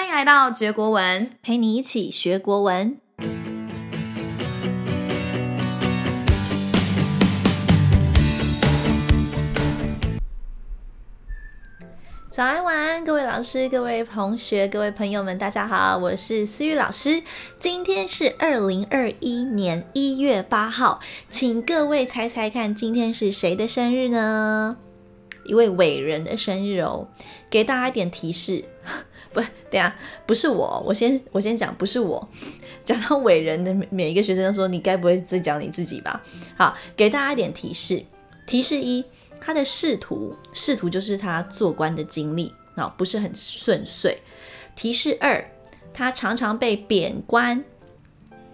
歡迎來到學國文，陪你一起學國文。早安晚安，各位老師、各位同學、各位朋友們，大家好，我是思予老師。今天是二零二一年一月八號，請各位猜猜看，今天是誰的生日呢？一位偉人的生日哦。給大家一點提示。不，等下，不是我，我先我先講，不是我。講到偉人的每，每一個學生都說，你該不會在講你自己吧？好，給大家一點提示。提示一，他的仕途，仕途就是他做官的經歷，啊，不是很順遂。提示二，他常常被貶官。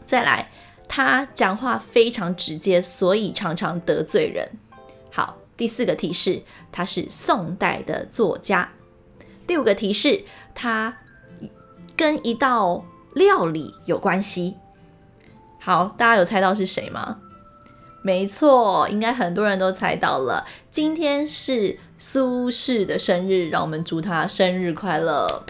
再來，他講話非常直接，所以常常得罪人。好，第四個提示，他是宋代的作家。第五個提示。他跟一道料理有關係。好，大家有猜到是誰嗎？沒錯，應該很多人都猜到了。今天是蘇軾的生日，讓我們祝他生日快樂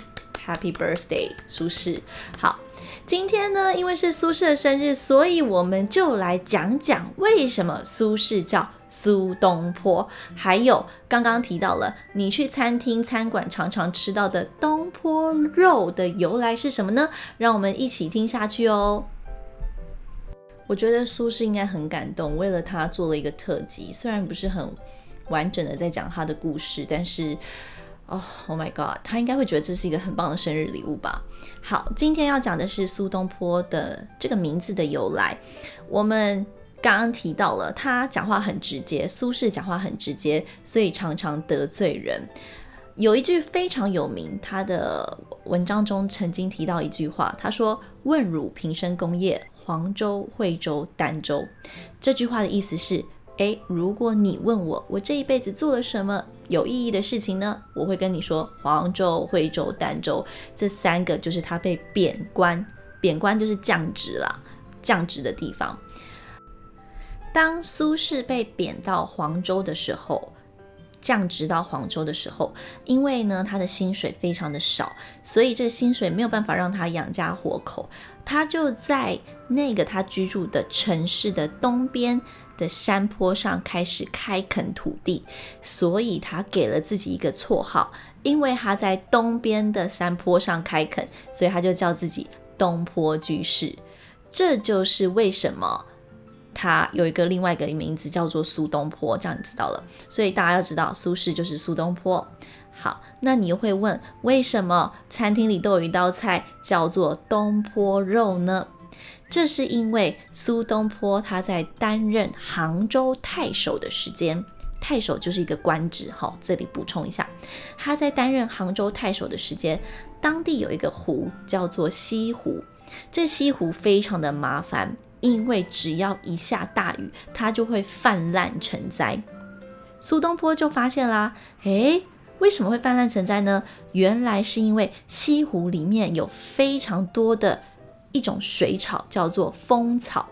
，Happy Birthday，蘇軾。好，今天呢，因為是蘇軾的生日，所以我們就來講講為什麼蘇軾叫。蘇東坡，還有剛剛提到，了你去餐廳、餐館常常吃到的東坡肉的由來是什麼呢？讓我們一起聽下去哦。我覺得蘇軾應該很感動，為了他做了一個特輯，雖然不是很完整的在講他的故事，但是哦，Oh my God，他應該會覺得這是一個很棒的生日禮物吧。好，今天要講的是蘇東坡的這個名字的由來，我們剛剛提到了，他講話很直接，蘇軾講話很直接，所以常常得罪人。有一句非常有名，他的文章中曾經提到一句話，他說：“問汝平生功業，黃州、惠州、儋州。”這句話的意思是：誒，如果你問我，我這一輩子做了什麼有意義的事情呢？我會跟你說，黃州、惠州、儋州這三個就是他被貶官，貶官就是降職啦，降職的地方。當蘇軾被貶到黃州的時候，降職到黃州的時候，因為呢他的薪水非常的少，所以這個薪水沒有辦法讓他養家活口，他就在那個他居住的城市的東邊的山坡上開始開墾土地，所以他給了自己一個綽號，因為他在東邊的山坡上開墾，所以他就叫自己東坡居士，這就是為什麼。他有一個另外一個名字叫做蘇東坡，這樣你知道了。所以大家要知道，蘇軾就是蘇東坡。好，那你會問，為什麼餐廳裡都有一道菜叫做東坡肉呢？這是因為蘇東坡他在擔任杭州太守的時間，太守就是一個官職。好，這裡補充一下，他在擔任杭州太守的時間，當地有一個湖叫做西湖，這西湖非常的麻煩。因為只要一下大雨，它就會氾濫成災。蘇東坡就發現啦，誒，為什麼會氾濫成災呢？原來是因為西湖裡面有非常多的一種水草，叫做葑草。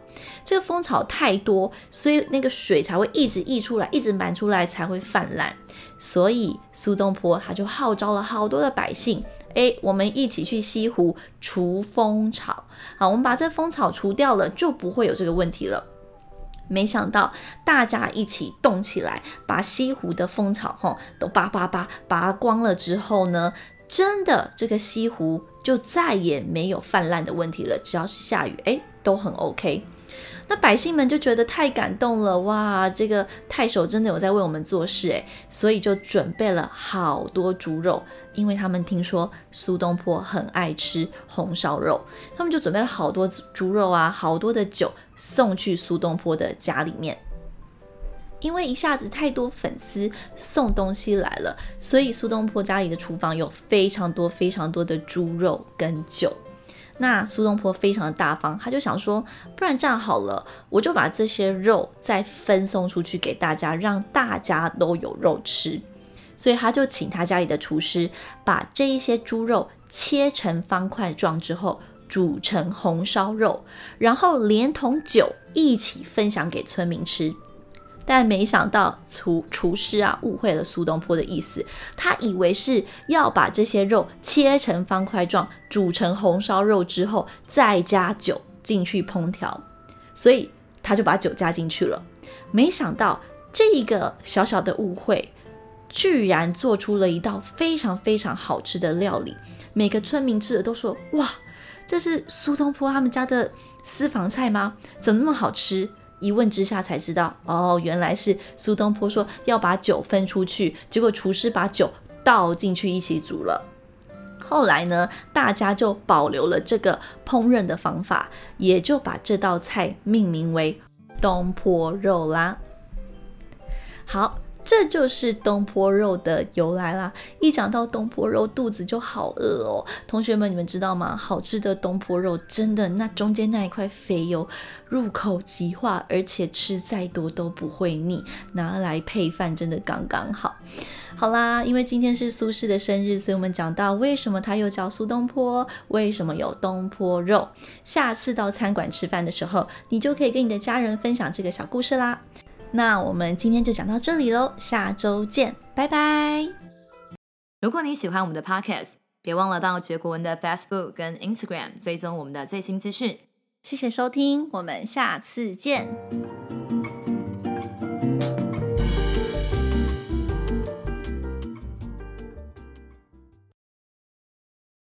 這個葑草太多，所以那個水才會一直溢出來，一直滿出來才會氾濫。所以蘇東坡他就號召了好多的百姓。誒，我們一起去西湖除葑草。好，我們把這葑草除掉了，就不會有這個問題了。沒想到大家一起動起來，把西湖的葑草吼都拔拔拔拔光了之後呢，真的這個西湖就再也沒有泛濫的問題了。只要是下雨，誒，都很 OK。那百姓們就覺得太感動了哇！這個太守真的有在為我們做事誒。所以就準備了好多豬肉，因為他們聽說蘇東坡很愛吃紅燒肉，他們就準備了好多豬肉啊，好多的酒送去蘇東坡的家裡面。因為一下子太多粉絲送東西來了，所以蘇東坡家裡的廚房有非常多非常多的豬肉跟酒。那蘇東坡非常的大方，他就想說，不然這樣好了，我就把這些肉再分送出去給大家，讓大家都有肉吃。所以他就請他家裡的廚師把這一些豬肉切成方塊狀之後，煮成紅燒肉，然後連同酒一起分享給村民吃。但沒想到廚廚師啊誤會了蘇東坡的意思，他以為是要把這些肉切成方塊狀，煮成紅燒肉之後再加酒進去烹調，所以他就把酒加進去了。沒想到這一個小小的誤會，居然做出了一道非常非常好吃的料理，每個村民吃的都說：哇，這是蘇東坡他們家的私房菜嗎？怎麼那麼好吃？一問之下才知道，哦，原來是蘇東坡說要把酒分出去，結果廚師把酒倒進去一起煮了。後來呢，大家就保留了這個烹飪的方法，也就把這道菜命名為東坡肉啦。好。這就是東坡肉的由來啦！一講到東坡肉，肚子就好餓哦。同學們，你們知道嗎？好吃的東坡肉，真的那中間那一塊肥油入口即化，而且吃再多都不會膩，拿來配飯真的剛剛好。好啦，因為今天是蘇軾的生日，所以我們講到為什麼他又叫蘇東坡，為什麼有東坡肉。下次到餐館吃飯的時候，你就可以跟你的家人分享這個小故事啦。那我們今天就講到這裡嘍，下周見，拜拜！如果你喜歡我們的 Podcast，別忘了到覺國文的 Facebook 跟 Instagram 追蹤我們的最新資訊。謝謝收聽，我們下次見。